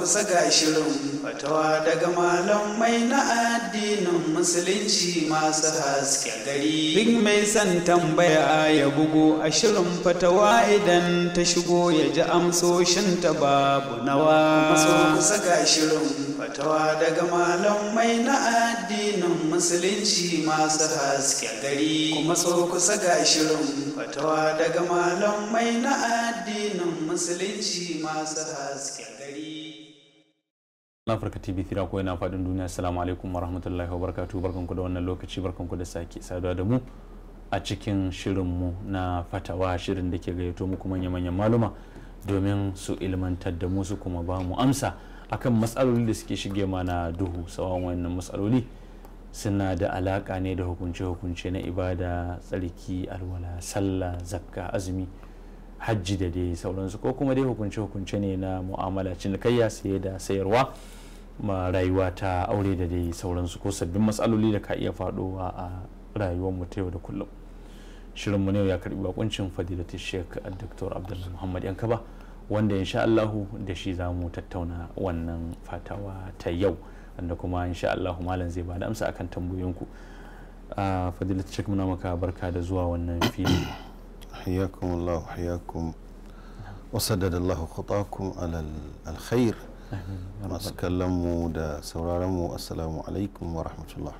kusa ga shirin fatawa daga malamai na addinin musulunci masu haske gari duk mai son tambaya ya bugu a shirin fatawa idan ta shigo ya ji amsoshinta babu nawa kusa ga shirin fatawa daga malamai na addinin musulunci masu haske gari kuma so kusa ga shirin fatawa daga malamai na addinin musulunci masu haske gari na Afirka TV 3 ko yana faɗin duniya assalamu alaikum warahmatullahi wabarakatuh barkanku da wannan lokaci barkanku da sake saduwa da mu a cikin shirinmu na fatawa shirin da ke gayyato muku manya-manyan maluma domin su ilmantar da mu su kuma ba mu amsa akan matsaloli da suke shige mana duhu sawan wannan matsaloli suna da alaka ne da hukunce-hukunce na ibada tsarki alwala sallah zakka azumi hajji da dai sauransu ko kuma dai hukunce-hukunce ne na mu'amala cinikayya saye da sayarwa rayuwa ta aure da dai sauransu ko sabbin matsaloli da ka iya faɗowa a rayuwar mu ta yau da kullum shirin mu ne ya karbi bakuncin fadilatu sheik dr abdul muhammad yankaba wanda insha allahu da shi zamu mu tattauna wannan fatawa ta yau wanda kuma insha allahu malam zai ba da amsa akan tambayoyinku fadilatu sheik muna maka barka da zuwa wannan fili حياكم الله وحياكم وسدد masu kallon mu da sauraron mu assalamu alaikum wa rahmatullah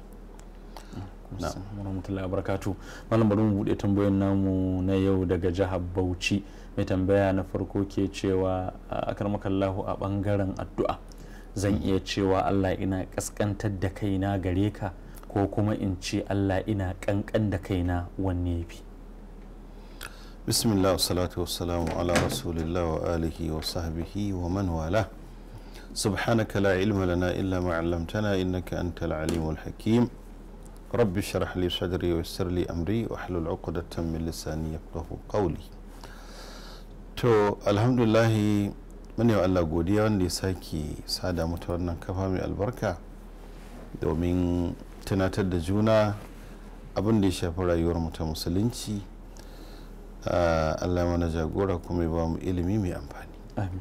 malam bari mu bude tambayoyin namu na yau daga jihar Bauchi mai tambaya na farko ke cewa a akarmakallahu a bangaren addu'a zan iya cewa Allah ina kaskantar da kaina gare ka ko kuma in ce Allah ina kankan da kaina wanne yafi bismillah salatu wassalamu ala rasulillah wa alihi wa sahbihi wa man wala سبحانك لا علم لنا إلا ما علمتنا إنك أنت العليم الحكيم رب اشرح لي صدري ويسر لي أمري واحلل عقدة من لساني يفقه قولي to الحمد لله من Allah godiya wanda ya ساكي sada متورنا wannan kafa mai albarka domin tunatar da juna abin da ya shafi rayuwar mu ta musulunci ah, Allah mana jagora kuma ya ba mu ilimi mai amfani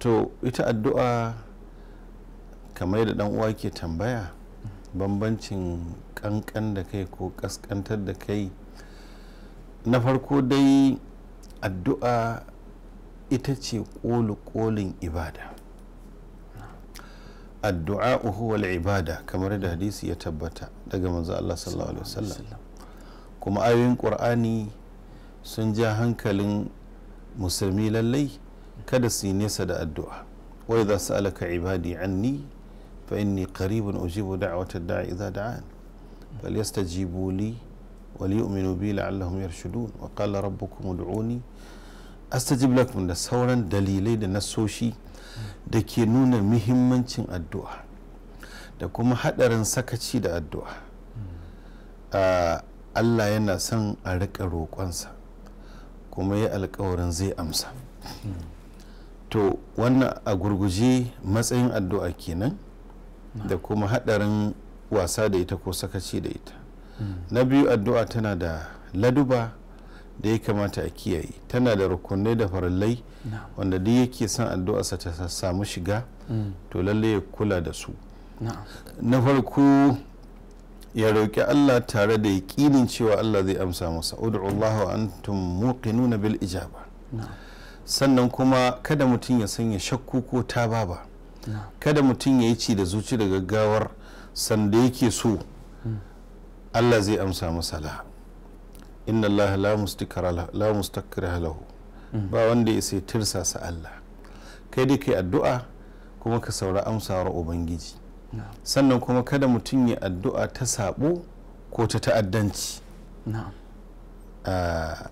to ita addu'a kamar da uwa ke tambaya bambancin kankan da kai ko kaskantar da kai na farko dai addu'a ita ce kolin ibada addu'a huwal ibada kamar da hadisi ya tabbata daga manzo Allah sallallahu alaihi wasallam kuma ayoyin qur'ani sun ja hankalin musulmi lallai kada su yi nesa da addu'a wai za su alaka ibadi ni fa inni qaribun ujibu daa da'i idza da'an wali li وليؤمنوا بي لعلهم يرشدون وقال ربكم ادعوني astajib lakum da sauran dalilai da nasoshi da ke nuna muhimmancin addu'a da kuma hadarin sakaci da addu'a Allah yana son a riƙa roƙonsa kuma ya alƙawarin zai amsa to wannan a gurguje matsayin addu'a kenan da kuma hadarin wasa da ita ko sakaci da ita hmm. na biyu addu'a tana da laduba da ya kamata a kiyaye tana da rukunai da farallai wanda duk yake son addu'arsa ta samu shiga hmm. to lalle ya kula da su na farko ya roƙi Allah tare da yaƙinin cewa Allah zai amsa masa allahu Allah tun antum muqinuna bil ijaba sannan kuma kada mutum ya sanya shakku ko ta baba kada mutum ya yi ci da zuci da gaggawar sanda yake so allah zai amsa masala inna allah la mustakra lahu ba wanda ya sai tirsasa allah kai dai kai addu'a kuma ka saura amsawar ubangiji sannan kuma kada mutum ya addu'a ta sabo ko ta ta'addanci ah,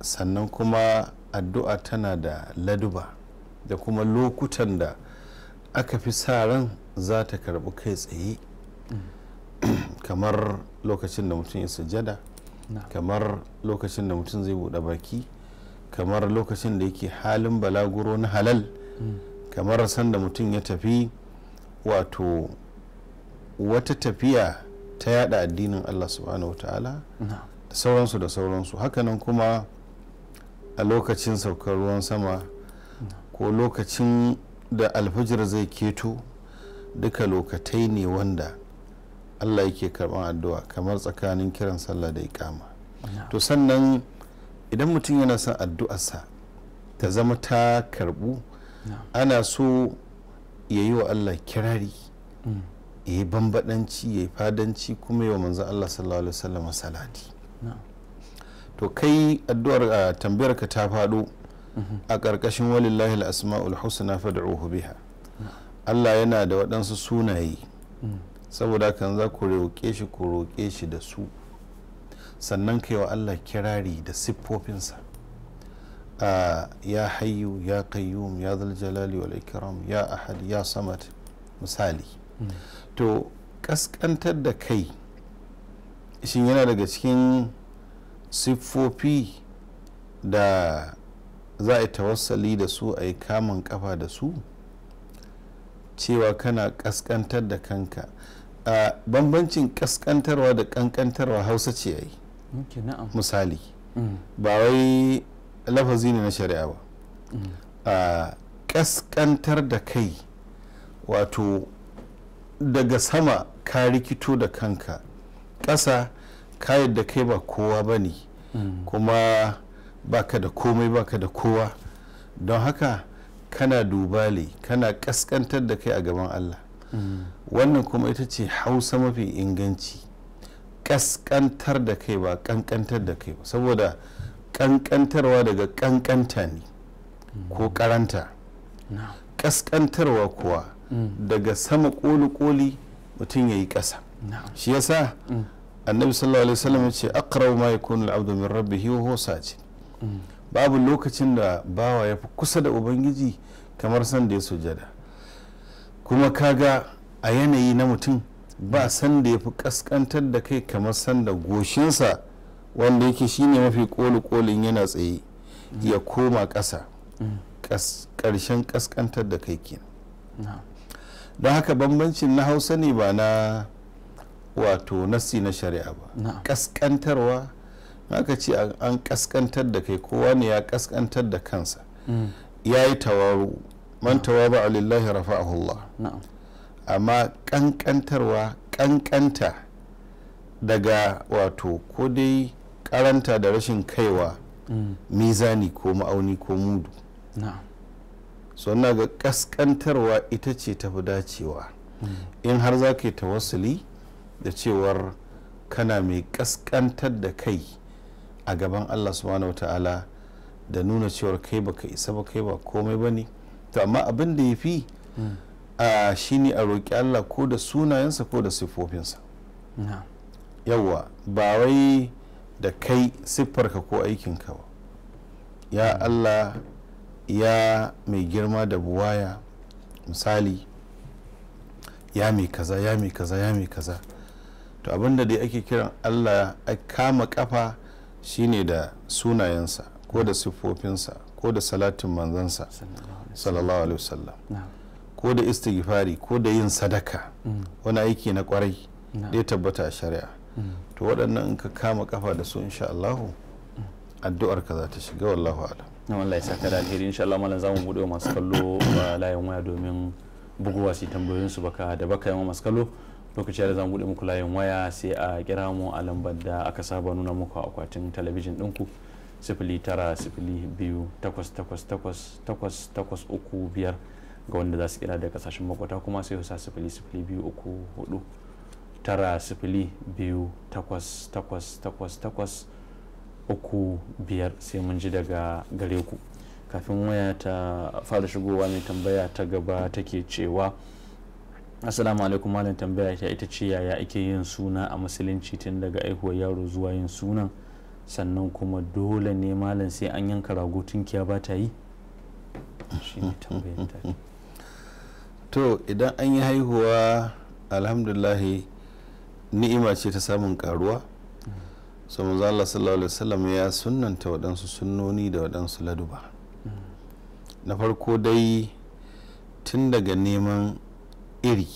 sannan kuma addu'a tana da laduba da kuma lokutan da aka fi sa ran za ta karbi kai tsaye kamar lokacin da mutum ya sujada kamar lokacin da mutum zai buɗe baki kamar lokacin da yake halin balaguro na halal mm. kamar san da mutum ya tafi wato wata tafiya ta yada addinin allah subhanahu wa ta'ala da sauransu da sauransu hakanan kuma a lokacin saukar ruwan sama ko lokacin da alfajir zai keto duka lokatai ne wanda allah yake karban addu'a kamar tsakanin kiran sallah da ikama to sannan idan mutum yana son addu'arsa ta zama ta karbu ana so ya yi wa allah kirari mm. ya yi bambadanci ya yi fadanci kuma yi wa manzan allah sallallahu alaihi wasallam salati to kai addu'ar ah, tambayar ka ta faɗo a ƙarƙashin walillahi al-asma'ul husna fad'uhu biha Allah yana da waɗansu sunaye saboda kan za ku roƙe shi ku roƙe shi da su sannan kai wa Allah kirari da siffofinsa ah, ya hayyu ya qayyum ya zal jalali wal ikram ya ahad ya samad misali mm. to kaskantar da kai shin yana daga cikin siffofi da za a yi tawassali da su a yi kamun kafa da su cewa kana kaskantar da kanka a bambancin kaskantarwa da kankantarwa hausa ce yayi misali mm. ba wai lafazi ne na shari'a ba mm. a kaskantar da kai wato daga sama ka rikito da kanka ƙasa ka da kai ba kowa ba ne mm. kuma baka da komai baka da kowa don haka kana dubale kana kaskantar da kai a gaban Allah mm. wannan kuma ita ce hausa mafi inganci kaskantar da kai ba kankantar da kai ba saboda kankantarwa daga kankanta ne mm. ko karanta kaskantarwa kuwa daga sama koli-koli mutum ya yi ƙasa shi yasa annabi sallallahu alaihi wasallam yace aqrab ma yakunu al'abdu min rabbihi wa huwa sajid babu lokacin da bawa ya fi kusa da ubangiji kamar san da ya sujada kuma kaga a yanayi na mutum ba san da ya fi kaskantar da kai kamar san da goshinsa wanda yake shine mafi kolikolin kolin yana tsaye ya koma ƙasa ƙarshen kaskantar da kai kenan don haka bambancin na hausa ne ba na wato nassi na shari'a ba kaskantarwa aka ce an ƙasƙantar da kai kowa ne ya kaskantar da kansa mm. ya yi tawaru man tawaba lillahi rafa'ahu amma kankantarwa kankanta daga wato ko dai ƙaranta da rashin kaiwa mm. mizani ko ma'auni ko mudu sannan ga kaskantarwa ita ce tafi dacewa mm. in har za ka yi tawassuli da cewar kana mai kaskantar da kai a gaban allah subhanahu wa ta'ala da nuna cewar kai ba baka isa ba kai ba komai ba ne to amma abin da ya fi a shine a roƙi allah ko da sunayensa ko da siffofinsa yawwa ba wai da kai siffarka ko aikinka ba ya allah ya mai girma da buwaya misali ya mai kaza ya mai kaza ya mai kaza to abinda dai ake kiran allah a kama kafa shine da sunayensa ko da siffofinsa ko da salatin manzansa sallallahu alaihi wasallam ko da istighfari ko da yin sadaka mm. wani aiki na kwarai da ya tabbata a shari'a mm. to waɗannan in ka kama kafa da su insha Allahu mm. addu'ar ka za ta shiga wallahu alam na wallahi saka da alheri insha Allah malam zamu buɗe masu kallo ba uh, layin waya domin buguwa su tambayoyin su baka da baka yi masu kallo lokaci da za mu buɗe muku layin waya sai a kira mu a lambar da aka saba nuna muku a akwatin talabijin ɗinku sifili tara sifili biyu takwas takwas takwas takwas takwas uku biyar ga wanda za su kira da kasashen makwata kuma sai sa sifili sifili biyu uku hudu tara sifili biyu takwas takwas takwas takwas uku biyar sai mun ji daga gare ku kafin waya ta fara shigowa mai tambaya ta gaba take cewa assalamu alaikum malam tambaya ta ita ce yaya ake yin suna a musulunci tun daga aihuwar yaro zuwa yin sunan sannan kuma dole ne malam sai an yanka rago tunkiya ba ta yi to idan an yi haihuwa alhamdulahi ni'ima ce ta samun karuwa so manzo Allah sallallahu alaihi wasallam ya sunanta waɗansu sunnoni da waɗansu laduba mm. na farko dai tun daga neman iri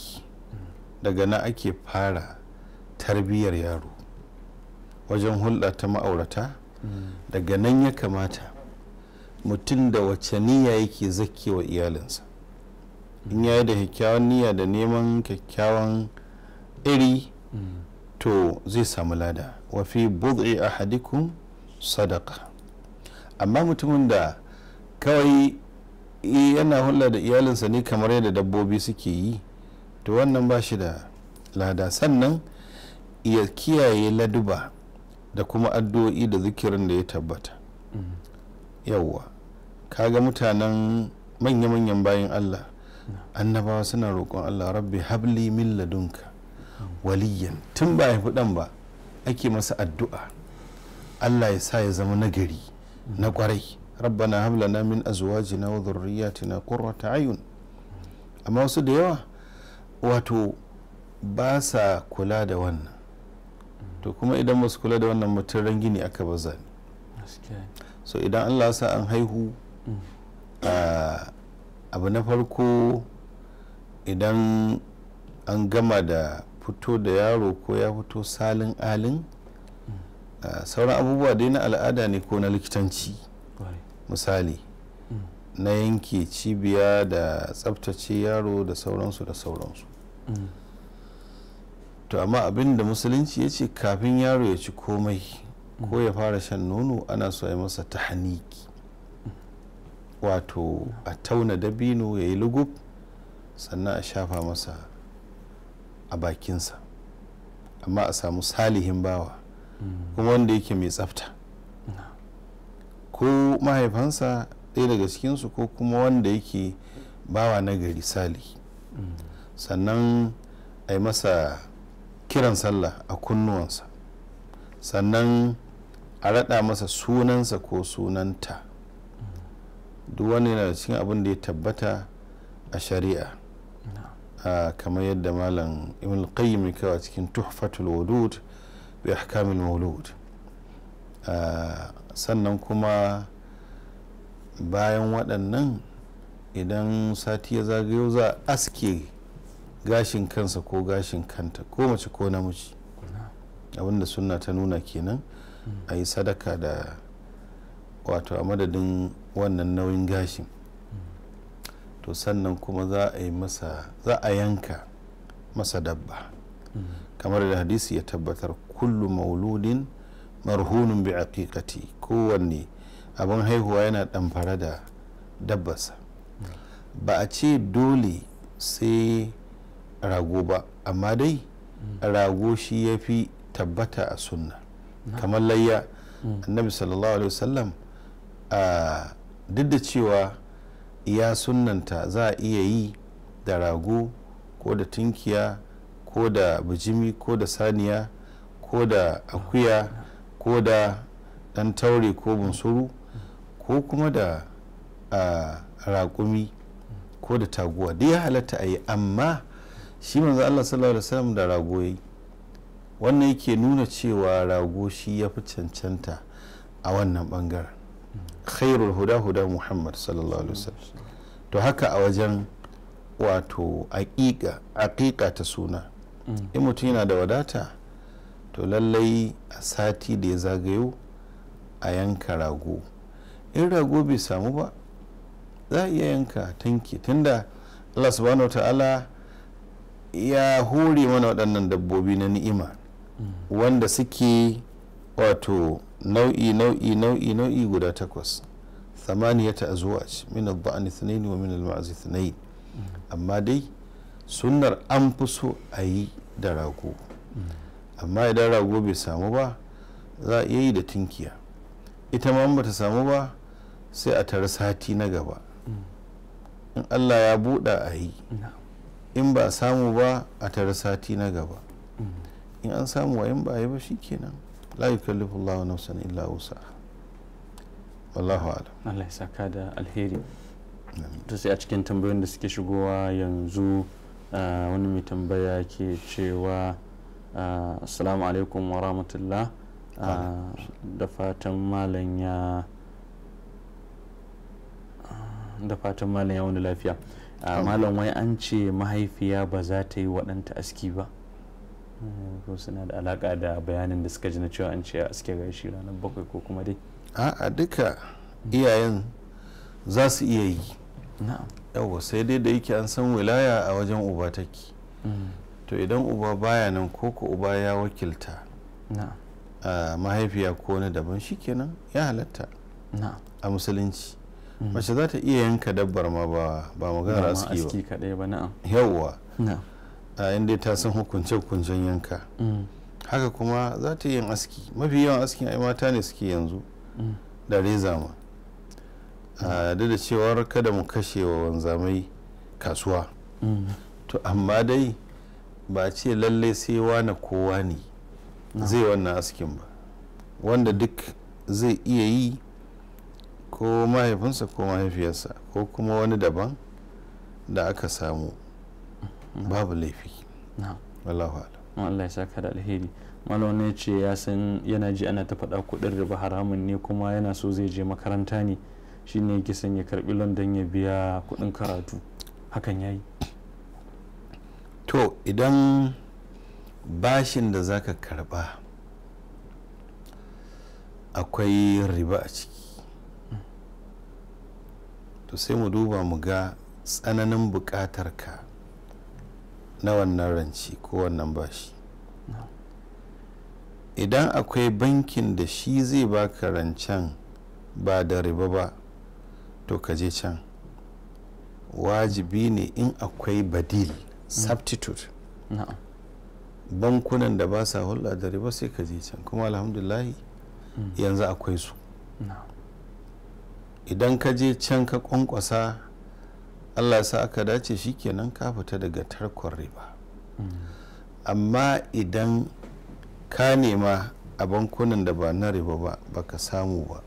daga na ake fara tarbiyyar yaro wajen hulɗa ta ma'aurata daga nan ya kamata mutum da wace niyya yake wa iyalinsa in yayi da kyakkyawan niyya da neman kyakkyawan iri to zai samu lada wafi a hadikun sadaka amma mutumin da kawai eh, yana hulɗa da iyalinsa ne kamar yadda dabbobi suke yi to wannan ba shi da lada sannan ya kiyaye laduba da kuma addu'o'i da zikirin da ya tabbata yawwa kaga mutanen manya-manyan bayan allah annabawa suna roƙon allah rabbi habli min ladunka waliyan tun ba ya fudan ba ake masa addu'a allah ya sa ya zama nagari na kwarai rabbana hablana min azwajina wa dhurriyyatina qurrata ayun amma wasu da yawa wato ba sa kula da wannan to kuma idan ba su kula da wannan mutum rangini aka baza ne so idan allah sa an haihu mm. abu na farko idan an gama da fito da yaro ko ya fito salin alin mm. sauran abubuwa dai na al'ada ne ko na likitanci misali na yanke cibiya da tsabtace yaro da sauransu da sauransu to amma abin da musulunci ya ce kafin yaro ya ci komai ko ya fara shan nono ana so ya masa ta haniki wato a tauna dabino ya yi lugub sannan a shafa masa a bakinsa amma a samu salihin bawa kuma wanda yake mai tsafta ko mahaifansa ɗaya daga cikinsu ko kuma wanda yake bawa na gari sali sannan a yi masa kiran sallah a kunnuwansa sannan a raɗa masa sunansa ko sunanta duk wani yana cikin abin da ya tabbata a shari'a kamar yadda malam ibn qayyim kawai cikin tuhfatul wadud bi ahkamil maulud sannan kuma bayan waɗannan idan sati ya zagayo za a aske gashin kansa ko gashin kanta ko mace ko namiji abinda suna ta nuna kenan hmm. a yi sadaka da wato a madadin wannan nauyin gashin hmm. to sannan kuma za a yi masa za a yanka masa dabba hmm. kamar da hadisi ya tabbatar kullu mauludin marhunun bi aqiqati kowanne abin haihuwa yana ɗamfara da dabbarsa ba a ce dole sai rago ba amma dai rago shi ya fi tabbata a sunna kamar layya annabi sallallahu alaihi wasallam a duk da cewa ya sunnanta za a iya yi da rago ko da tunkiya ko da bijimi ko da saniya ko da akuya ko da ɗan taure ko bunsuru ko kuma da raƙumi ko da taguwa da ya halatta a yi amma shi manzo Allah sallallahu alaihi wasallam da rago yi wannan yake nuna cewa rago shi ya fi cancanta a wannan bangaren khairul huda huda muhammad sallallahu alaihi wasallam to haka a wajen wato aƙiƙa ta suna in mutum yana da wadata to lallai a sati da ya zagayo a yanka rago in rago bai samu ba za a iya yanka tanki tunda allah subhanahu ta'ala ya hore mana waɗannan dabbobi na ni'ima wanda suke wato nau'i nau'i nau'i nau'i guda takwas zuwa ci min al-ba'ni wa min al-ma'z amma dai sunnar an fi so a yi da rago amma idan rago bai samu ba za a iya yi da tinkiya ita ma ba ta samu ba sai a tara sati na gaba in allah ya buɗa a yi in ba samu ba a tara sati na gaba mm. in an samu in ba a yi ba shi shikenan la yukallifu na nafsan illa wusa wallahu alam allah ya saka da alheri to sai a cikin tambayoyin da suke shigowa yanzu ah, wani mai tambaya ke cewa ah, assalamu alaikum wa rahmatullah ah, da fatan malam ya da fatan malam ya wani lafiya malam wai an ce mahaifiya ba za ta yi waɗanta aski ba eh, ko suna da alaƙa da bayanin da suka ji na cewa an ce aske gashi ranar bakwai ko kuma dai a duka iyayen za su iya yi yawwa sai dai da yake an san wilaya a wajen uba take mm. to idan uba baya nan ko ko uba ya wakilta mahaifiya ko na daban shikenan ya halatta a musulunci mace za ta iya yanka dabbar ma ba ba magana aski ba kadai ba yawwa a inda ta san hukunce hukuncen yanka mm. haka kuma za ta yi yin aski mafi yawan askin ai mata ne suke yanzu mm. da reza ma duk da cewa kada mu kashe wa wanzamai kasuwa mm. to amma dai ba ce lallai sai wane kowa ne zai wannan askin ba wanda duk zai iya yi ko mahaifinsa ko mahaifiyarsa ko kuma wani daban da aka samu babu laifi wallahu ala Allah saka da alheri malam ne ce ya san yana ji ana ta faɗa kuɗin riba haramun ne kuma yana so zai je makaranta ne shine yake son ya karbi london ya biya kuɗin karatu hakan ya yi. to idan bashin da zaka karɓa akwai riba a ciki to sai mu duba mu ga tsananin bukatar ka na wannan ranci ko wannan bashi idan akwai bankin da shi zai baka rancen ba da riba ba to ka je can wajibi ne in akwai badil substitute bankunan da ba sa hulɗa da riba sai ka je can kuma alhamdulahi mm. yanzu akwai su idan ka je can ka kwankwasa allah sa aka dace shi shikenan ka fita daga tarkon riba amma idan ka nema a bankunan da ba na riba ba baka samu ba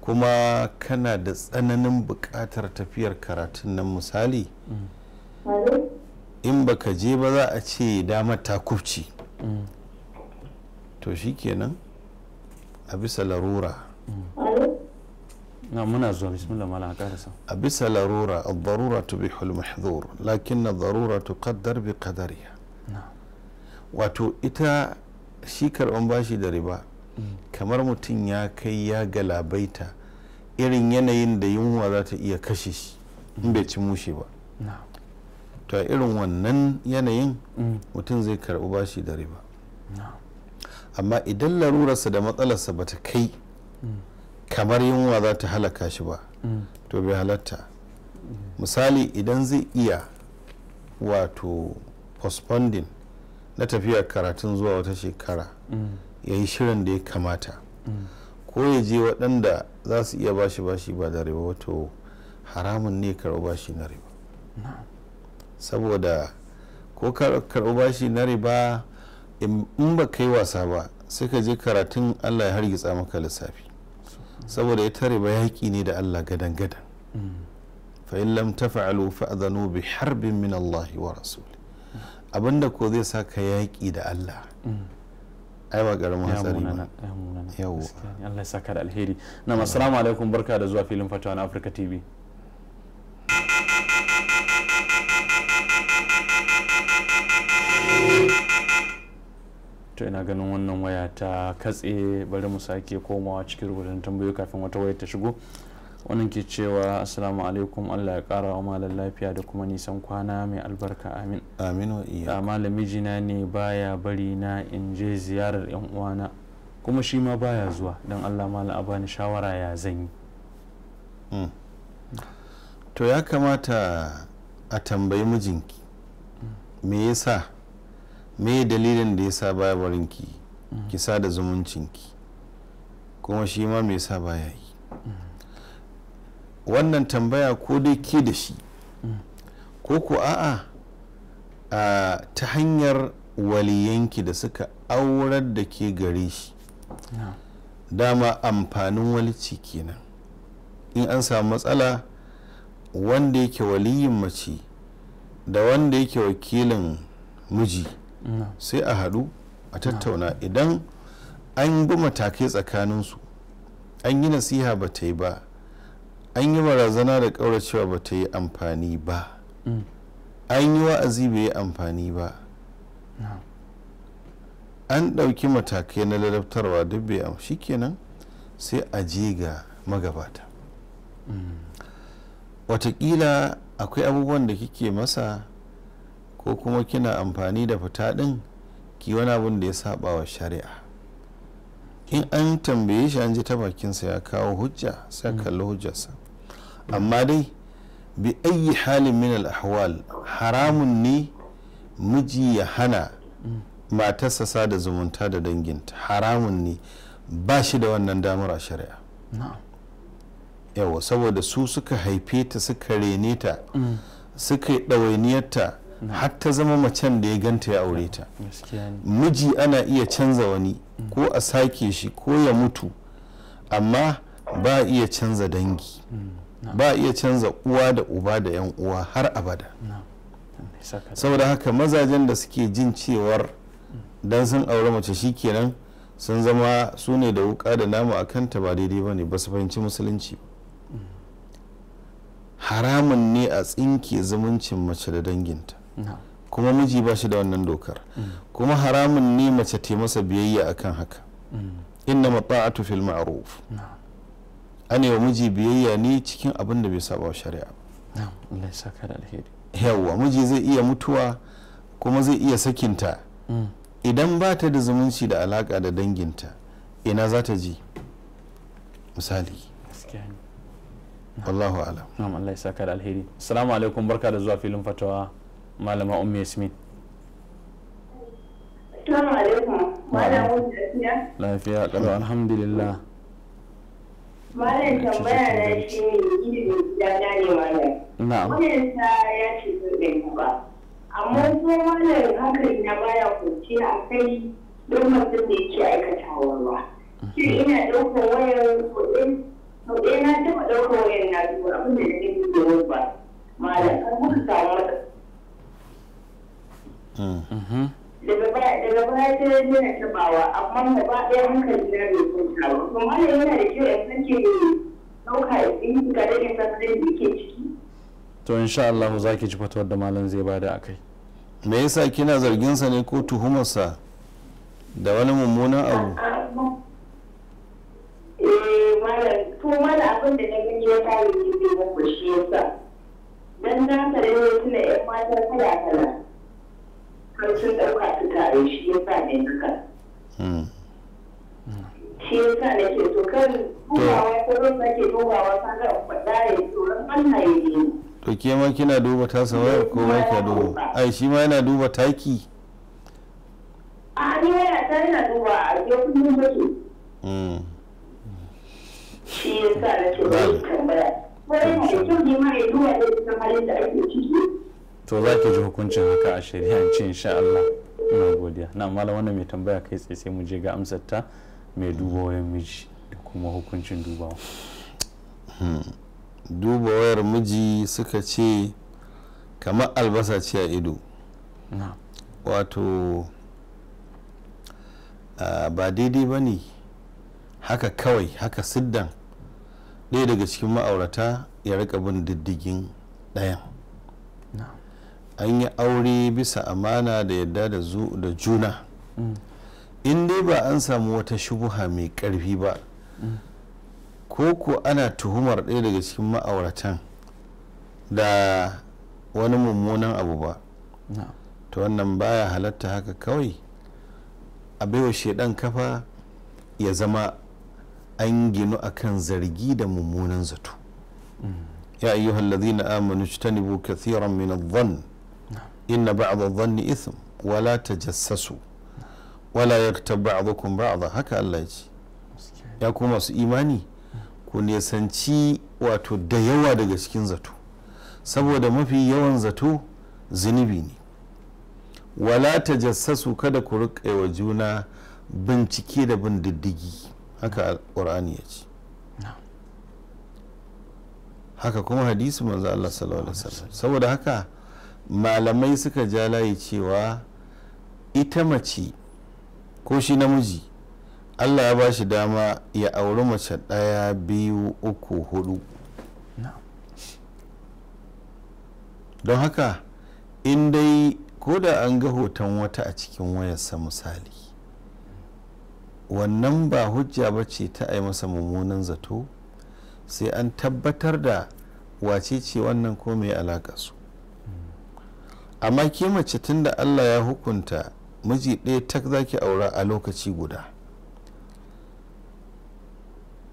kuma kana da tsananin bukatar tafiyar karatun nan misali in baka je ba za a ce dama kufci to shi shikenan a bisa larura muna zuwa bismillah a a bisa larura tu darura tubihul mahdhur lakin tu kaddar bi qadariha wato ita shi karban bashi da riba kamar mutum ya kai ya galabaita irin yanayin da yunwa za ta iya kashe shi in bai ci mushe ba to irin wannan yanayin mm. mutum zai karɓi bashi da riba amma idan larurarsa da matsalarsa ba ta kai mm. kamar yunwa za ta halaka shi ba mm. to bai halatta misali idan zai iya wato postponding na tafiya karatun zuwa wata shekara mm. ya yi shirin da ya kamata mm. ko ya je waɗanda za su iya bashi bashi ba da riba wato haramun ne karɓi bashi na riba saboda ko karɓi bashi na riba in ba kai wasa ba sai ka je karatun allah ya hargitsa maka lissafi saboda ya tare ba yaƙi ne da Allah gadan gadan fa in lam taf'alu fa'dhanu bi harbin min Allah wa rasul abinda ko zai saka yaƙi da Allah ai ba karamin hatsari ba yawo. Allah ya saka da alheri na assalamu alaikum barka da zuwa filin fatawa na Africa TV to ina ganin wannan waya ta katse bari mu sake komawa cikin rubutun tambayo kafin wata waya ta shigo wannan ke cewa assalamu alaikum allah ya kara wa malam lafiya da kuma nisan kwana mai albarka amin amin wa iya ah, malam mijina ne baya bari na in je ziyarar yan uwana kuma shi ma baya zuwa don allah malam a bani shawara ya zan yi mm. to ya kamata a tambayi mijinki me yasa me dalilin da ya sa baya barin ki ki da zumuncin ki kuma shi ma me yasa baya yi wannan tambaya ko dai ke da shi ko ko a'a ta hanyar waliyanki da suka aurar da ke gare shi dama amfanin walici kenan in an samu matsala wanda yake waliyin mace da wanda yake wakilin miji sai a haɗu a tattauna idan an bi matakai tsakaninsu an yi nasiha ba ta yi ba an yi barazana da ƙauracewa ba ta yi amfani ba mm. an yi wa'azi bai yi amfani ba an ɗauki matakai na ladabtarwa duk bai amfani shikenan sai a je ga magabata mm. watakila akwai abubuwan da kike masa ko kuma kina amfani da fita ɗin ki wani abin da ya saba wa shari'a in an tambaye shi an ji ta bakinsa ya kawo hujja sai mm. kalli hujjarsa amma dai bi ayi halin min al haramun ne miji ya hana mm. matarsa sada zumunta da danginta haramun ne ba shi da wannan damar a shari'a yawa saboda su suka haife ta suka rene ta mm. suka yi ɗawainiyarta har ta zama macen da ya ganta ya aure ta miji ana iya canza wani mm. ko a sake shi ko ya mutu amma ba a iya canza dangi mm. ba a iya canza uwa da uba da yan uwa har abada saboda haka mazajen da suke jin cewar mm. dan sun aure mace shi kenan sun zama su ne da wuka da nama a kanta ba daidai ba ne ba su fahimci musulunci haramun ne a tsinke zumuncin mace da danginta kuma miji ba shi da wannan dokar kuma haramun ne mace ta masa biyayya akan haka inna mata'atu fil ma'ruf ana wa miji biyayya ne cikin abin da bai saba shari'a yawwa miji zai iya mutuwa kuma zai iya sakinta idan ba ta da zumunci da alaka da danginta ina za ta ji misali wallahu alam Allah ya saka da alheri assalamu alaikum barka da zuwa filin fatawa malama ummi smith Assalamu alaikum. Malam lafiya? Lafiya kalau alhamdulillah. Malam tambaya na shi ne ilimin ya gane malam. Na'am. Wannan ya ce zai ba. Amma ko malam hankali na baya kwanciya a kai don mutum da yake aikatawa ba. Shi mm-hmm. ina ɗaukar wayar kuɗin kuɗi na taɓa ɗaukar wayar na duba abinda da nake duba ba. Malam kan muka samu daga baya daga amma yake ciki to insha Allah za ki ci fatuwar da malam zai bada a kai me yasa kina zargin sa ne ko tuhumarsa da wani mummunan abu eh malam tuhumar abin da na gani ya kare ne zai mun shi yasa ma kina duba sa waya ko ba ka duba ai shi ma yana duba taki a ni yana ta yana duba a yau kullum bace hmm. shi ya sa da to zai tambaya wani mai kyau ne ma ya duba da ita halin da ake ciki to za ki ji hukuncin haka a shari'ance insha Allah ina godiya na mala wanda mai tambaya kai tsaye sai mu je ga amsar ta mai duba wayan miji da kuma hukuncin dubawa hmm. duba wayar miji suka ce kamar albasa ce a ido wato ba daidai ba ne haka kawai haka siddan ɗaya daga cikin ma'aurata ya rika bin diddigin ɗayan an yi aure bisa amana da yadda da juna mm. in dai ba an samu wata shubuha mai ƙarfi ba mm. ko ko ana tuhumar ɗaya daga cikin ma'auratan da wani mummunan abu ba ta wannan baya halatta haka kawai a baiwa shaidan kafa ya zama an ginu akan zargi da mummunan zato mm. ya ayyuha allazina amanu ijtanibu kathiran min adh-dhann inna ba'd adh-dhanni ithm wa la tajassasu wa la yaktab ba'dukum haka Allah ya ce ya kuma su imani ku nisanci wato da yawa daga cikin zato saboda mafi yawan zato zunubi ne wala ta jassasu kada ku riƙa wa juna bincike da bin diddigi haka al'urani ya ce haka kuma hadisi manzo Allah sallallahu alaihi wasallam saboda haka malamai suka ja layi cewa ita mace ko shi namiji allah ya ba shi dama ya auri mace ɗaya biyu uku hudu don haka in dai ko da an ga hoton wata a cikin wayarsa misali wannan ba hujja ba ce ta a masa mummunan zato sai an tabbatar da wace ce wannan ko mai alaka su amma ke mace tun da allah ya hukunta miji ɗaya tak zaki aura a lokaci guda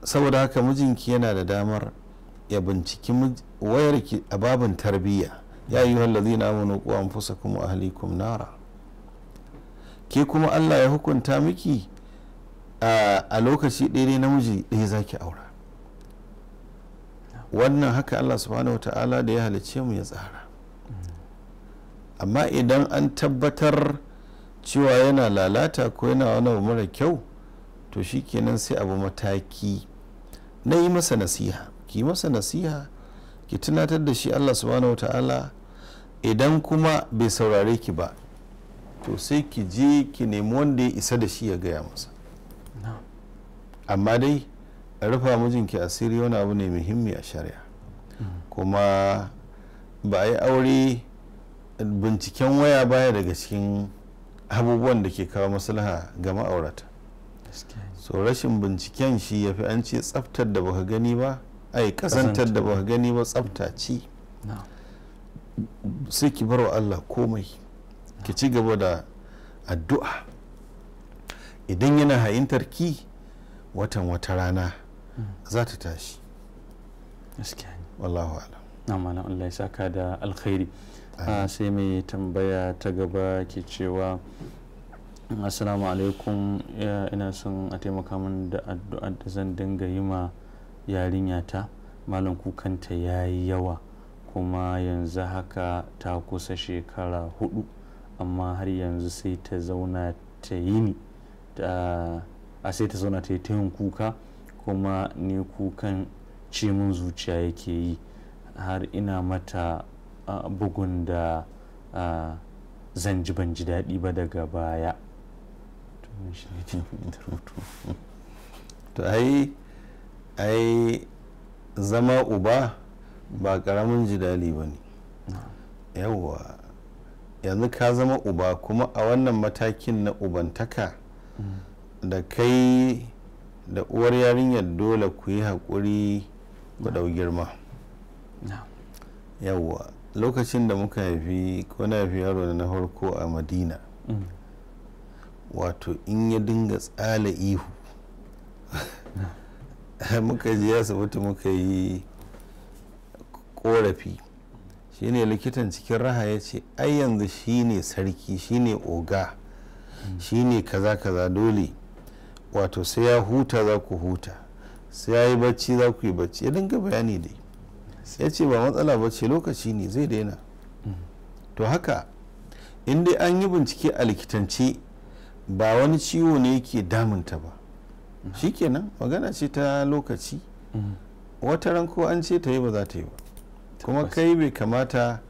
saboda haka mijinki yana da damar ya binciki wayar ki a babin tarbiyya ya yi hallazi na amonu kuwa an fusa kuma ahalikum nara ke kuma allah ya hukunta miki a lokaci ɗaya namiji ɗaya ki aura wannan haka allah subhanahu ta'ala da ya halicce mu ya tsara amma idan an tabbatar cewa yana lalata ko yana wani mara kyau to shi shikenan sai abu mataki na yi masa nasiha ki masa nasiha ki tunatar da shi allah subhanahu ta'ala idan kuma bai saurare ki ba to sai ki je ki nemi wanda ya isa da shi ya gaya masa amma dai rufa mijinki asiri wani abu ne muhimmi a shari'a mm. kuma ba a yi aure binciken waya baya daga cikin abubuwan da ke kawo maslaha ga ma'aurata so rashin binciken shi ya fi an ce tsaftar da baka gani ba ai kasantar da baka gani ba tsafta ce sai ki bar wa Allah komai ki ci gaba da addu'a idan yana hayintar ki watan wata rana hmm. za ta tashi wallahu alam na Allah ya saka da alkhairi ah, sai mai tambaya ta gaba ke cewa assalamu alaikum ina son a taimaka min da addu'ar da zan dinga yi ma yarinya ta malam kukanta ya yi yawa kuma yanzu haka ta kusa shekara hudu amma har yanzu sai ta zauna ta yi ni a sai ta zauna ta yi ta yin kuka kuma ni kukan ce min zuciya yake yi har ina mata bugun da zan ji ban ji daɗi ba daga baya to ai zama uba ba karamin jidali ba ne yawwa yanzu ka zama uba kuma a wannan matakin na ubantaka da kai da uwar yarinyar dole ku yi haƙuri ku girma yawwa lokacin da muka haifi ko na haifi yaro na farko a madina mm. wato in ya dinga tsala ihu muka ji je asibiti muka yi korafi shine likitan cikin raha ya ce ai yanzu shine sarki shine oga shine kaza kaza dole wato sai ya huta za ku huta sai ya yi bacci za ku yi bacci ya dinga bayani dai sai ce ba matsala ba ce lokaci ne zai daina to haka in dai an yi bincike a likitance ba wani ciwo ne yake damunta ba shi shikenan magana ce ta lokaci wata ran ko an ce ta yi ba za ta yi ba kuma kai bai kamata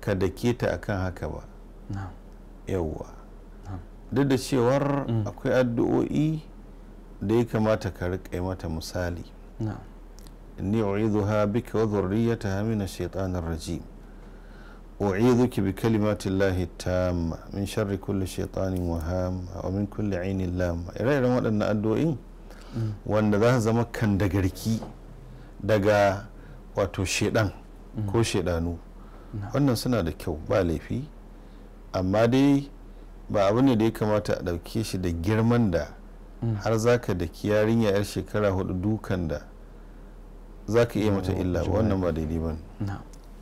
ka dake ta akan haka ba yawwa duk da cewar mm. akwai addu'o'i da ya kamata ka riƙa mata misali no. ni zuha bika wa dhurriyyataha min ash-shaytanir rajim أعيذك بكلمات الله التامة من شر كل شيطان وهام ومن كل عين لام إرائي رمض أن أدوئين وأن ذا زما كان دقركي دقا واتو شيطان ko shaidanu wannan suna da kyau ba laifi amma dai ba abin da ya kamata a ɗauke shi da girman da har zaka da yarinya yar shekara hudu dukan da zaka iya mata illa wannan ba daidai ba ne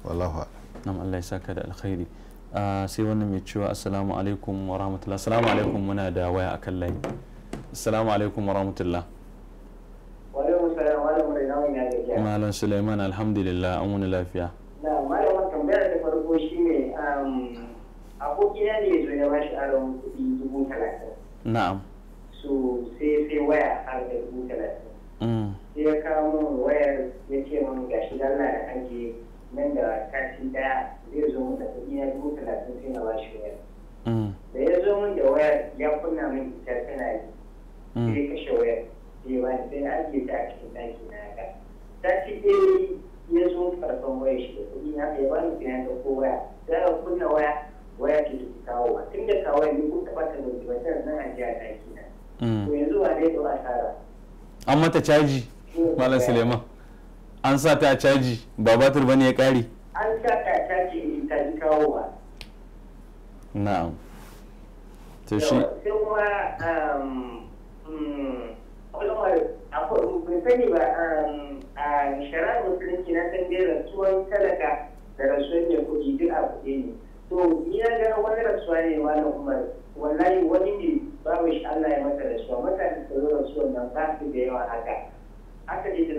wallahu nam Allah ya saka da alkhairi ah, sai wannan mai cewa assalamu alaikum wa rahmatullah assalamu alaikum muna da waya akan layi assalamu alaikum wa rahmatullah malam suleiman alhamdulillah an wani lafiya na malamin tambayar da farko shine um, abokina ne zo ya bashi aron kuɗi dubu talatin. Na'am. So sai sai waya har da dubu talatin. Mm. Sai ya kawo min wayar ya ce min gashi dan na da an je nan da kashi daya zai zo mun da kuɗi na dubu talatin sai na bashi wayar mm. da ya zo mun da wayar ya kunna min ita tana yi mm. sai kashe wayar sai ba sai na ajiye ta a cikin ɗaki na haka ta ci ɗaya ya zo farkon wayar shi da kuɗi na ya bani sai na ɗauko waya za ka kunna waya waya ce kawo kawowa tun da kawo ni kun taɓa ta zai ba tana nan ajiye a ɗaki na mm. to yanzu ba zai a tara. an mata caji malam suleiman an sa ta caji ba batir bane ya kare an sa ta caji ne ta kawowa na'am to shi sai kuma kulmar um, um, akwai sani ba um, a shara musulunci na san dai rasuwar talaka da rasuwar mai kuɗi duk a kuɗe ne to ni na ga wani rasuwa ne ma na umar wallahi wani ne babu shi Allah ya masa rasuwa mutane da rasuwar nan ba su da yawa haka haka ne da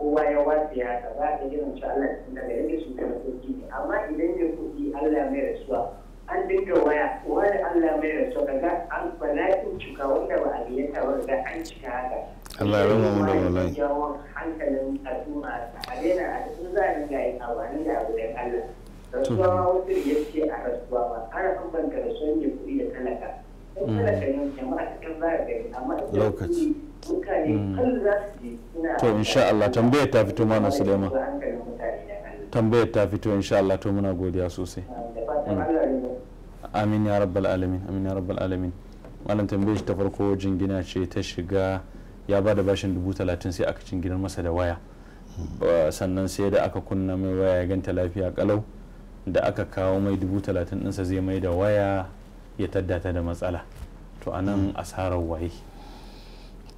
kowa ya wasu ya haka ba a irin su Allah sun daga yadda su ta sauki ne amma idan ya kuɗi Allah mai rasuwa an dinga waya kowa da Allah mai rasuwa kaga an bala'in cika wanda ba a gayyata ba kaga an cika haka Allah ya rama mu da wallahi jawon hankalin al'umma a daina a cikin za a dinga yin amfani da abu da Allah rasuwa ma wasu ya a rasuwa ma ana bambanta son ne kuɗi da talaka in talaka ne jama'a cikin za a amma Mm. to insha Allah tambayar ta fito mana Sulema tambayar ta fito insha Allah to muna godiya sosai ah, amin ya rabbal alamin amin ya rabbal alamin malam tambayar shi ta farko jingina ce ta shiga ya ba da bashin dubu talatin sai aka cinginar masa da waya hmm. sannan sai da aka kunna mai waya ya ganta lafiya kalau da aka kawo mai dubu talatin ɗinsa zai mai da waya ya taddata da matsala to anan hmm. asarar waye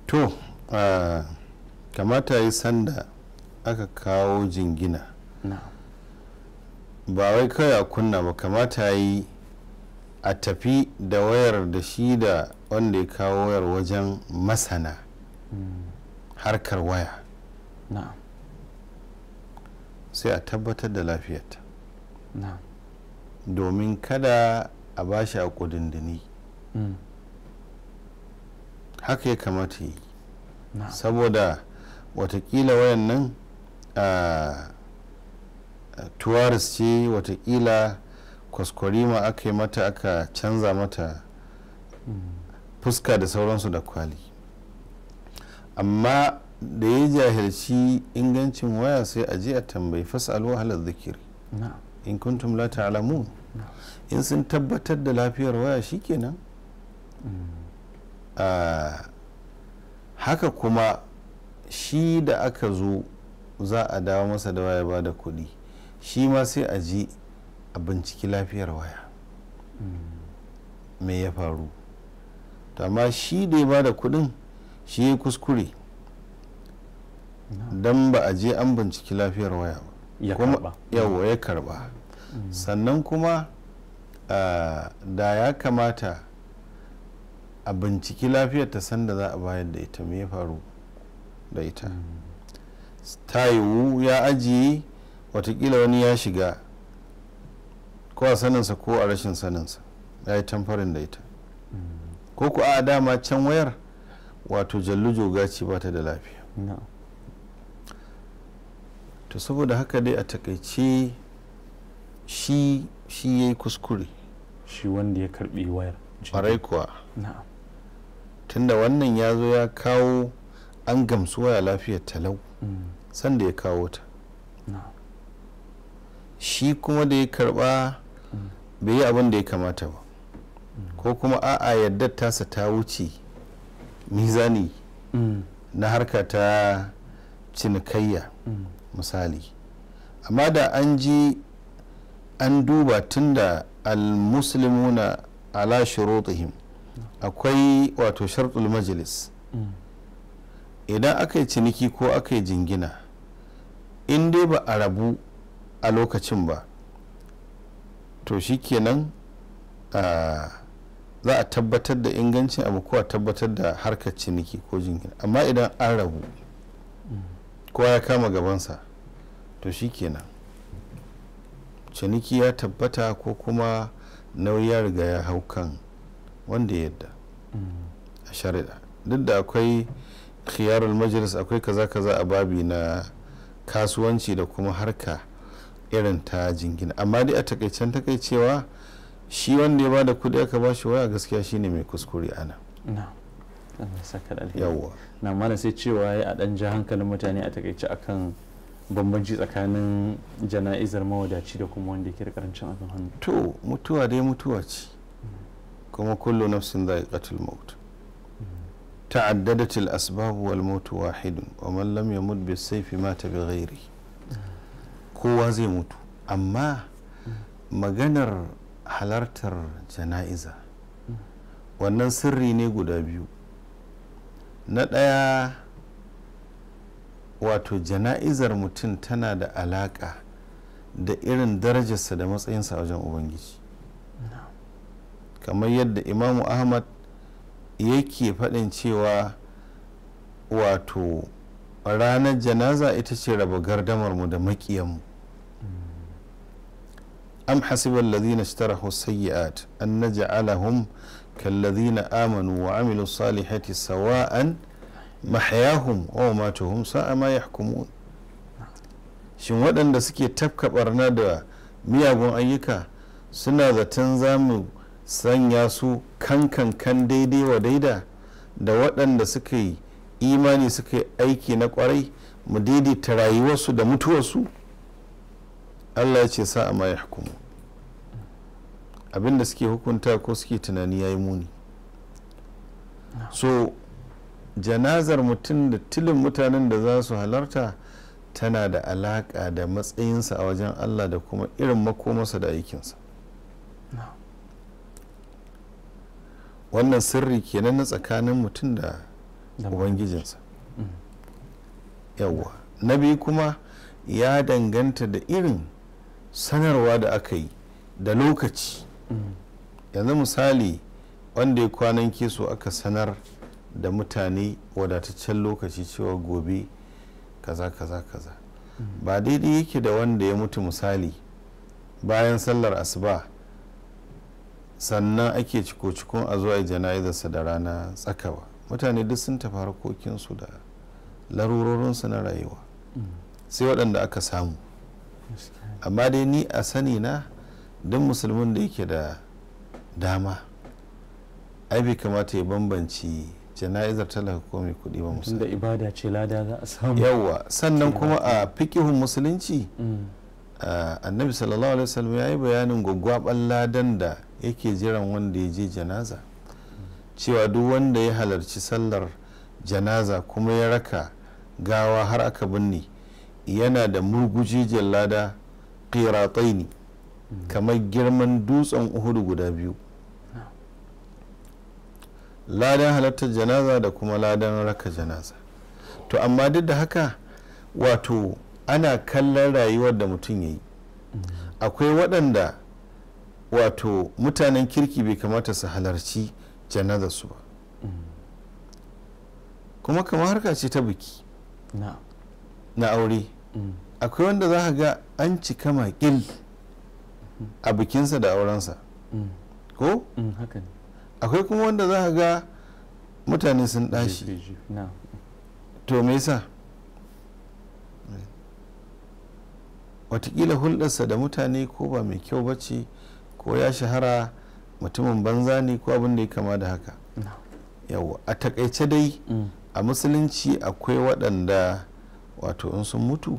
to kamata yi sanda aka kawo jingina ba wai kawai a kunna ba kamata yi a tafi da wayar da shi da wanda ya kawo wayar wajen masana hmm. harkar waya sai a tabbatar da lafiyarta domin kada a bashi a kudindini hmm. haka ya kamata yi saboda watakila wayannan tuwaris ce watakila kwaskwarima aka yi mata aka canza mata fuska da sauransu da kwali amma da ya jahilci ingancin waya sai a je a tambayi fasalu halar zikiri in kuntum la ta'lamun in sun tabbatar da lafiyar waya shi shikenan mm. Ah, haka kuma shi da aka zo za a dawo masa da waya ba da kuɗi shi ma sai a ji a binciki lafiyar waya hmm. me ya faru amma shi da ya ba da kuɗin shi ya kuskure don ba a je an binciki lafiyar waya ba ya yawo ya karba hmm. sannan kuma ah, da ya kamata a binciki lafiyar ta sanda za a bayar da ita me faru da ita ta yiwu ya ajiye watakila wani ya shiga ko a saninsa ko a rashin saninsa ya yi tamfarin da ita ko ku a dama can wayar wato jallu joga ce ba ta da lafiya to saboda haka dai a takaice shi shi ya yi kuskure shi wanda ya karbi wayar ƙwarai kuwa tunda wannan ya zo ya kawo an gamsuwa ya lafiyar talau mm. sanda ya kawo ta shi kuma da ya karba mm. bai yi abin da ya kamata ba mm. ko kuma a'a yadda tasa ta wuce mizani na harka ta cinikayya misali amma da an ji an duba tunda al-muslimuna ala shurutihim akwai wato sharɗul majalis idan aka yi ciniki ko aka yi jingina in dai ba a rabu a lokacin ba to shikenan za a tabbatar da ingancin abu ko a tabbatar da harkar ciniki ko jingina amma idan an rabu kowa ya kama gabansa to shikenan ciniki ya tabbata ko kuma nauyi ya riga ya hau kan wanda ya yadda mm. a shari'a duk da akwai khiyarul majalis akwai kaza kaza a babi na kasuwanci da kuma harka irin ta jingina amma dai a takaicen takaicewa shi wanda ya ba da kudi aka ba shi waya gaskiya shine mai kuskure ana yawwa na mana sai cewa ya a ɗan ja hankalin mutane a takaice akan bambanci tsakanin jana'izar mawadaci da kuma wanda ke da karancin abin hannu to mutuwa dai mutuwa ce kuma kullu nafsin ta maut til asbab wal maut wahidun wa man lam yamut bis sayfi mata bi ghairi kowa zai mutu amma maganar halartar jana'iza wannan sirri ne guda biyu na ɗaya wato jana'izar mutum tana da alaƙa da irin darajarsa da matsayinsa wajen ubangiji kamar yadda imamu ahmad yake faɗin cewa wato ranar janaza ita ce raba gardamarmu da makiyanmu am hasiban ladina ishtarahu sayi'at an naj'alahum kalladhina amanu wa amilu salihati sawa'an mahyahum wa matuhum sa'a ma yahkumun shin waɗanda suke tafka barna da miyagun ayyuka suna zaton zamu sanya su kankankan daidai wa daida da waɗanda suka yi imani suka yi aiki na kwarai mu daidaita rayuwarsu da mutuwarsu allah ya ce sa'a ma ya hukumu abinda suke hukunta ko suke tunani ya yi muni so janazar mutum da tilin mutanen da za su halarta tana da alaƙa da matsayinsa a wajen allah da kuma irin makomarsa da aikinsa wannan sirri kenan na tsakanin mutum da ubangijinsa yawwa na biyu kuma ya danganta da irin sanarwa da aka yi da lokaci yanzu misali wanda ya kwanan keso aka sanar da mutane wadataccen lokaci cewa gobe kaza kaza kaza ba daidai yake da wanda ya mutu misali bayan sallar asuba sannan ake ciko-cikon a zuwa jana'izarsa da rana tsakawa mutane duk sun tafi harkokinsu da larurorinsu na rayuwa sai waɗanda aka samu amma dai ni a sani na duk musulmin da yake da dama ai bai kamata ya bambanci jana'izar talaka ko mai kuɗi ba musulmi da ibada ce lada za a samu yawwa sannan kuma a fikihun musulunci mm. Eh, annabi sallallahu alaihi wasallam ya yi bayanin gwaggwaban ladan da yake jiran wanda ya je janaza cewa duk wanda ya halarci sallar janaza kuma ya raka gawa har aka binne yana da murgujijin lada ne kamar girman dutsen uhudu guda biyu ladan halartar janaza da kuma ladan raka janaza to amma duk da haka wato ana kallon rayuwar da mutum ya yi akwai waɗanda wato mutanen kirki bai kamata su halarci janazarsu ba kuma kamar harka ce ta biki na aure akwai wanda za ka ga an cika makil a bikinsa da aurensa ko? Mm, akwai kuma wanda za ka ga mutane sun ɗashi to me yasa watakila hulɗarsa da mutane ko ba mai kyau ba ce ko ya shahara mutumin banza ne ko abin da ya kama da haka yawa a takaice dai mm. a musulunci akwai waɗanda wato in sun mutu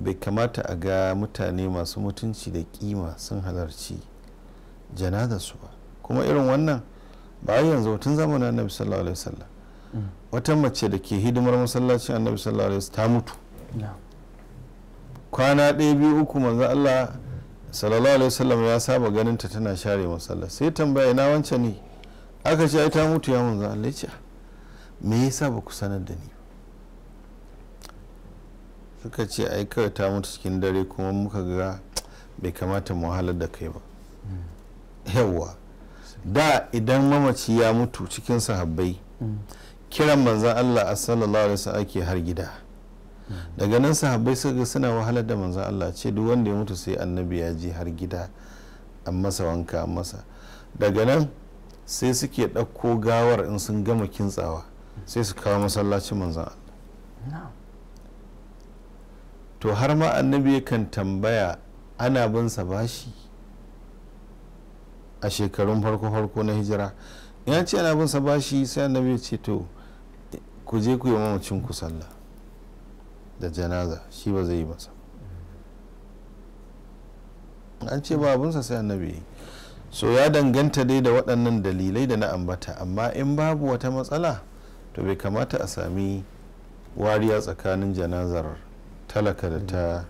bai kamata a ga mutane masu mutunci da kima sun halarci janazarsu ba kuma irin wannan ba yanzu tun zamanin annabi sallallahu alaihi wasallam mm. wata mace da ke hidimar masallacin annabi sallallahu alaihi wasallam ta mutu kwana ɗaya biyu uku manzo Allah sallallahu alaihi wasallam ya saba ganin ta tana share masallaci sai tambaya ina wancan ne aka ce ai ta mutu ya manzo Allah ce me yasa ba ku sanar da ni suka ce ai kawai ta mutu cikin dare kuma muka ga bai kamata mu halar da kai ba yawwa da idan mamaci ya mutu cikin sahabbai mm. kiran manzo Allah sallallahu alaihi wasallam ake har gida daga nan sahabbai suka suna wahalar da manzan Allah ce duk wanda ya mutu sai annabi ya ji har gida an masa wanka an masa daga nan sai suke ɗauko gawar in sun gama kintsawa sai su kawo masallacin manzan Allah to har ma annabi kan tambaya ana bin sa bashi a shekarun farko-farko na hijira ya ce ana bin sa bashi sai annabi ce to ku je ku yi mamacin ku sallah da janaza shi ba zai yi masa an ce ba abunsa sai annabi so ya danganta dai da waɗannan dalilai da na ambata amma in babu wata matsala to bai kamata a sami wariya tsakanin janazar talaka da ta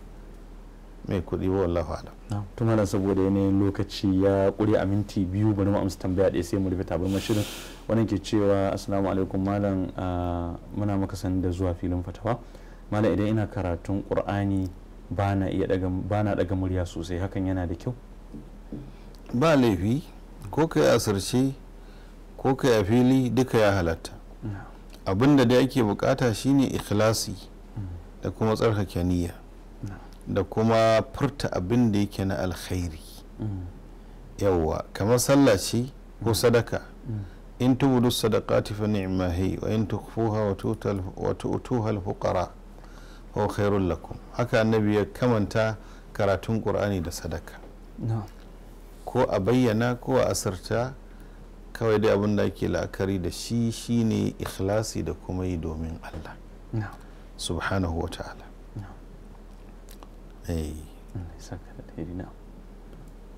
mai kuɗi wa wallahu alam tun hada saboda yanayin lokaci ya ƙuri a minti biyu bari mu amsa tambaya ɗaya sai mu rufe tabar mashirin wannan ke cewa assalamu alaikum malam ah, muna maka da zuwa filin fatawa mala idan ina karatun ƙur'ani ba na ɗaga murya sosai hakan yana da kyau ba laifi ko ka yi asirce ko ka yi fili duka ya halatta abin da dai ake bukata shine ikhlasi mm. da kuma tsarkake niyya da kuma furta abin da yake na alkhairi mm. yawwa kamar sallah ce ko mm. sadaka in tubudu sadaqati fa ni'ma hi wa in tukhfuha wa tu'tuha al-fuqara wa khairul lakum haka annabi ya kamanta karatun qur'ani da sadaka ko a bayyana ko a asirta kawai dai abin da ake la'akari da shi shine ikhlasi da kuma yi domin allah subhanahu wa ta'ala eh.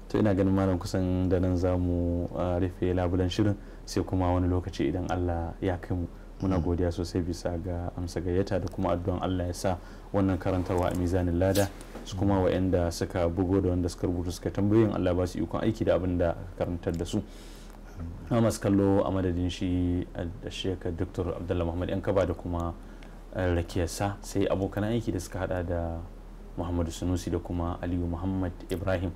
to ina ganin malam kusan da nan za mu ah, rufe labulan shirin sai kuma wani lokaci idan allah ya kai mu muna mm. godiya sosai bisa ga amsa gayyata da kuma addu'an Allah ya sa wannan karantarwa a mizanin lada su kuma wa'anda suka bugo da wanda suka rubuta suka tambayoyin Allah ba su ikon aiki da abin da karantar da su na masu kallo a madadin shi a sheka dr abdullahi muhammad yan kaba da kuma eh, rakiyarsa sai abokan aiki da suka hada da muhammadu sunusi da kuma aliyu muhammad ibrahim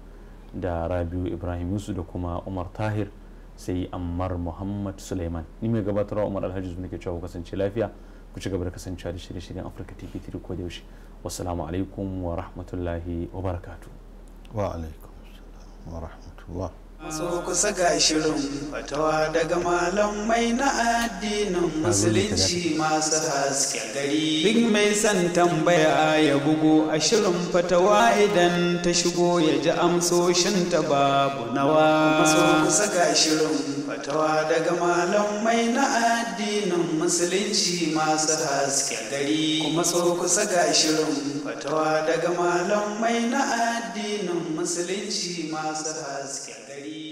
da rabiu ibrahim yusuf da kuma umar tahir sai ammar muhammad suleiman ni mai gabatarwa umar alhaji zuwa ke cewa kasance lafiya ku ci gaba da kasancewa da shirye-shiryen afirka tv 3 ko da yaushe wassalamu alaikum wa rahmatullahi wa barakatu wa alaikum wa rahmatullahi So kusa ga shirin fatawa daga malamai na addinin musulunci masu haske gari. Duk mai son tambaya ya bugu a shirin fatawa idan ta shigo ya ji amsoshin ta babu nawa. So kusa ga shirin fatawa daga malamai na addinin musulunci masu haske gari kuma so kusa ga shirin fatawa daga malamai na addinin musulunci masu haske gari